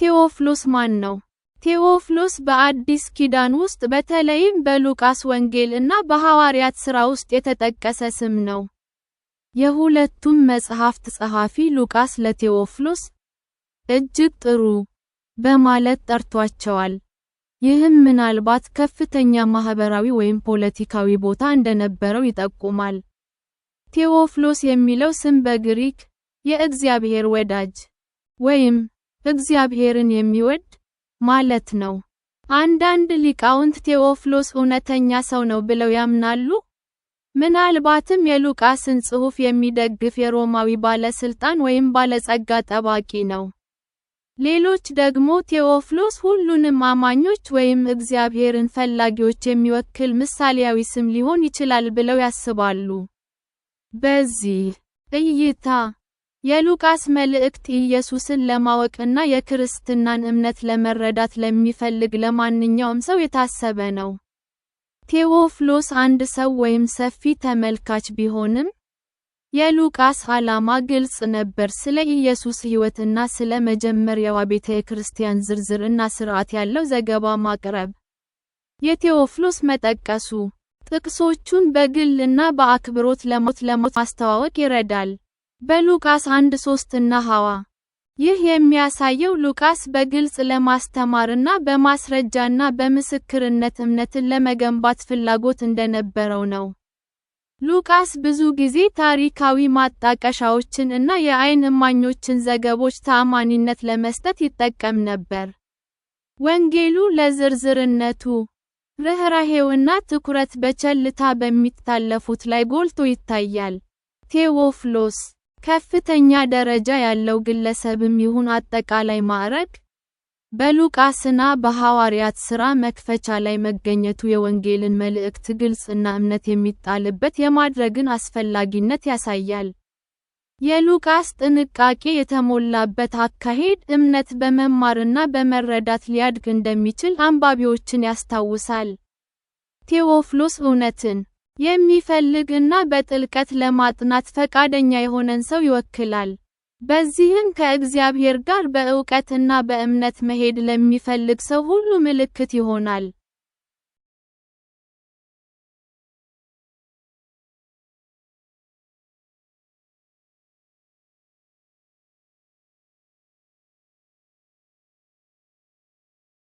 ቴዎፍሎስ ማን ነው? ቴዎፍሎስ በአዲስ ኪዳን ውስጥ በተለይም በሉቃስ ወንጌል እና በሐዋርያት ሥራ ውስጥ የተጠቀሰ ስም ነው። የሁለቱም መጽሐፍት ጸሐፊ ሉቃስ ለቴዎፍሎስ እጅግ ጥሩ በማለት ጠርቷቸዋል። ይህም ምናልባት ከፍተኛ ማህበራዊ ወይም ፖለቲካዊ ቦታ እንደነበረው ይጠቁማል። ቴዎፍሎስ የሚለው ስም በግሪክ የእግዚአብሔር ወዳጅ ወይም እግዚአብሔርን የሚወድ ማለት ነው። አንዳንድ ሊቃውንት ቴዎፍሎስ እውነተኛ ሰው ነው ብለው ያምናሉ። ምናልባትም የሉቃስን ጽሑፍ የሚደግፍ የሮማዊ ባለስልጣን ወይም ባለጸጋ ጠባቂ ነው። ሌሎች ደግሞ ቴዎፍሎስ ሁሉንም አማኞች ወይም እግዚአብሔርን ፈላጊዎች የሚወክል ምሳሌያዊ ስም ሊሆን ይችላል ብለው ያስባሉ። በዚህ እይታ የሉቃስ መልእክት ኢየሱስን ለማወቅና የክርስትናን እምነት ለመረዳት ለሚፈልግ ለማንኛውም ሰው የታሰበ ነው። ቴዎፍሎስ አንድ ሰው ወይም ሰፊ ተመልካች ቢሆንም፣ የሉቃስ ዓላማ ግልጽ ነበር፤ ስለ ኢየሱስ ሕይወትና ስለ መጀመሪያዋ ቤተ ክርስቲያን ዝርዝርና ሥርዓት ያለው ዘገባ ማቅረብ። የቴዎፍሎስ መጠቀሱ ጥቅሶቹን በግልና በአክብሮት ለሞት ለሞት ማስተዋወቅ ይረዳል። በሉቃስ 3 እና ሐዋ ይህ የሚያሳየው ሉቃስ በግልጽ ለማስተማርና በማስረጃና በምስክርነት እምነትን ለመገንባት ፍላጎት እንደነበረው ነው። ሉቃስ ብዙ ጊዜ ታሪካዊ ማጣቀሻዎችን እና የዓይን እማኞችን ዘገቦች ተአማኒነት ለመስጠት ይጠቀም ነበር። ወንጌሉ ለዝርዝርነቱ፣ ርኅራኄውና ትኩረት በቸልታ በሚታለፉት ላይ ጎልቶ ይታያል። ቴዎፍሎስ ከፍተኛ ደረጃ ያለው ግለሰብም ይሁን አጠቃላይ ማዕረግ፣ በሉቃስና በሐዋርያት ሥራ መክፈቻ ላይ መገኘቱ የወንጌልን መልእክት ግልጽና እምነት የሚጣልበት የማድረግን አስፈላጊነት ያሳያል። የሉቃስ ጥንቃቄ የተሞላበት አካሄድ እምነት በመማርና በመረዳት ሊያድግ እንደሚችል አንባቢዎችን ያስታውሳል። ቴዎፍሎስ እውነትን የሚፈልግ እና በጥልቀት ለማጥናት ፈቃደኛ የሆነን ሰው ይወክላል። በዚህም ከእግዚአብሔር ጋር በእውቀትና በእምነት መሄድ ለሚፈልግ ሰው ሁሉ ምልክት ይሆናል።